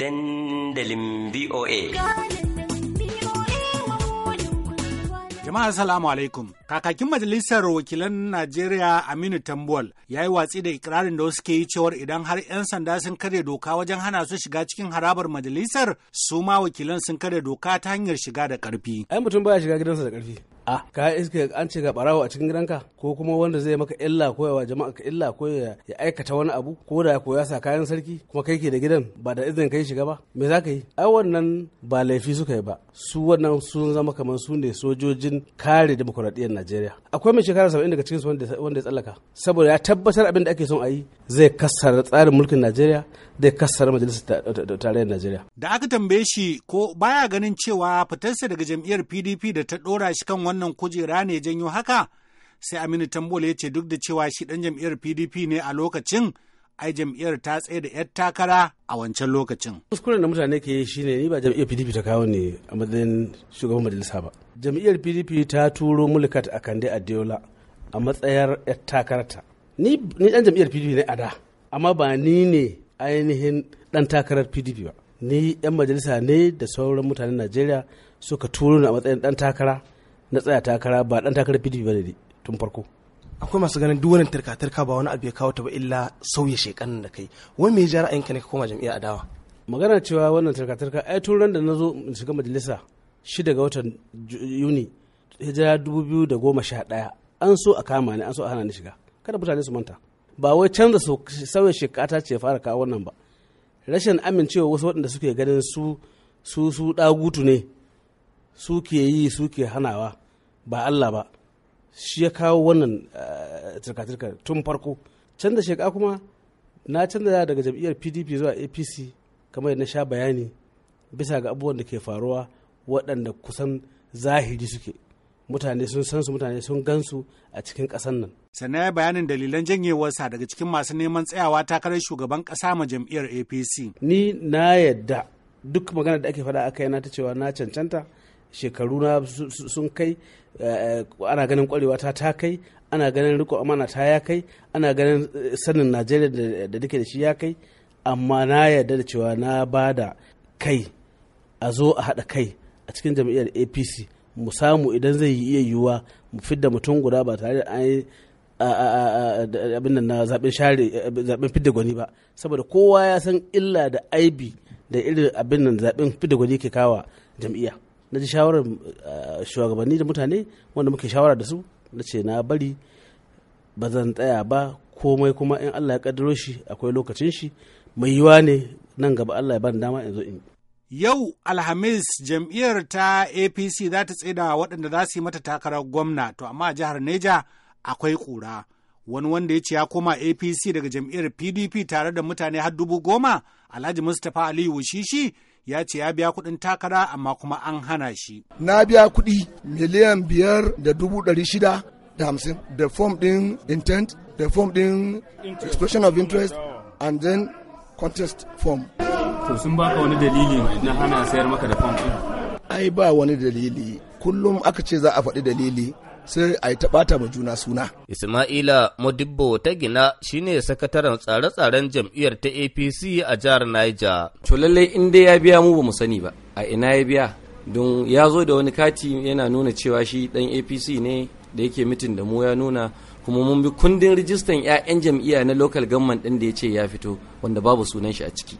dandalin VOA. Jama'a salamu alaikum. Kakakin Majalisar Wakilan Najeriya Aminu Tambuwal ya yi watsi da ikirarin da wasu ke yi cewar idan har 'yan sanda sun karya doka wajen hana su shiga cikin harabar majalisar su ma wakilan sun karya doka ta hanyar shiga da ƙarfi. Ai mutum baya shiga gidansa da ƙarfi. a ka iska an ce ga barawo a cikin gidanka ko kuma wanda zai maka illa ko ya jama'a ka illa ko ya aikata wani abu ko da ko ya sa kayan sarki kuma kai ke da gidan ba da izinin kai shiga ba me za ka yi ai wannan ba laifi suka yi ba su wannan sun zama kamar su ne sojojin kare demokuraɗiyyar Najeriya akwai mai shekara 70 daga cikin su wanda ya tsallaka saboda ya tabbatar abin da ake son a yi zai kassara tsarin mulkin Najeriya zai kassara majalisar tarayyar Najeriya da aka tambaye shi ko baya ganin cewa fitarsa daga jam'iyyar PDP da ta dora shi kan wannan wannan kujera ne janyo haka? Sai Aminu Tambola ya ce duk da cewa shi dan jam'iyyar PDP ne a lokacin, ai jam'iyyar ta tsaye da 'yar takara a wancan lokacin. Kuskuren da mutane ke yi shine ni ba jam'iyyar PDP ta kawo ne a matsayin shugaban majalisa ba. Jam'iyyar PDP ta turo Mulkat kande Adeola a matsayar 'yar takararta. Ni ni dan jam'iyyar PDP ne a da, amma ba ni ne ainihin dan takarar PDP ba. Ni 'yan majalisa ne da sauran mutanen Najeriya suka turo ni a matsayin dan takara na tsaya takara ba dan takarar pdp ba dai tun farko akwai masu ganin duk wannan tarka-tarka ba wani abu ya kawo ta ba illa sauya shekarun da kai wai me ya ja ra'ayinka ne ka koma jam'iyyar adawa magana cewa wannan tarka-tarka ai tun ran da na zo shiga majalisa shida ga watan yuni hijira dubu biyu da goma sha ɗaya an so a kama ni an so a hana ni shiga kada mutane su manta ba wai canza sauya shekata ce fara kawo wannan ba rashin amincewa wasu waɗanda suke ganin su su su ɗagutu ne suke yi suke hanawa ba Allah ba shi ya kawo wannan eh, turka-turka tun farko canza shekara kuma na canza daga jam'iyyar pdp zuwa apc kamar na sha bayani bisa ga abubuwan da ke faruwa waɗanda kusan zahiri suke mutane sun san su mutane sun gansu a cikin ƙasar nan. Sannan ya bayanin dalilan janyewarsa daga cikin masu neman tsayawa takarar shugaban ƙasa ma jam'iyyar APC. Ni na yadda duk magana da ake faɗa a na ta cewa na cancanta shekaru na sun kai eh, ana ganin kwarewa ta ta kai ana ganin riko amana ta ya kai ana ganin eh, sanin najeriya da duke da shi ya kai amma na yarda da cewa na ba da kai a zo a haɗa kai a cikin jam'iyyar apc mu samu idan zai yi iya yiwuwa mu fidda mutum guda ba tare da an yi abin na zaben eh, fidda gwani ba saboda kowa ya san illa da aibi da irin abin nan zaben fidda gwani ke kawa jam'iyya na ji shawarar eh, shugabanni da mutane wanda muke shawara da su na ce na bari ba zan tsaya ba komai kuma in Allah ya kaddaro shi akwai lokacin shi mai yiwa ne nan gaba Allah ya bani dama in zo in Yau Alhamis jam'iyyar ta APC za ta tsaida waɗanda za su yi mata takarar gwamna to amma a jihar Neja akwai ƙura. Wani wanda ya ce ya koma APC daga jam'iyyar PDP tare da mutane har dubu goma Alhaji Mustapha Aliyu shishi. ya ce ya biya kuɗin takara amma kuma an hana shi. Na biya kuɗi miliyan biyar da dubu ɗari shida da hamsin da form ɗin intent da form ɗin expression of interest and then contest form. To sun baka wani dalili na hana sayar maka da form ɗin? Ai ba wani dalili. Kullum aka ce za a faɗi dalili sai a yi taɓata ma juna suna. Ismaila Modibbo ta gina shi ne sakataren tsare-tsaren jam'iyyar ta APC a jihar Niger. To in dai ya biya mu ba mu sani ba, a ina ya biya don ya zo da wani kati yana nuna cewa shi ɗan APC ne da yake mitin da mu ya nuna kuma mun bi kundin rijistan 'ya'yan jam'iyya na lokal government ɗin da ya ce ya fito wanda babu sunan shi a ciki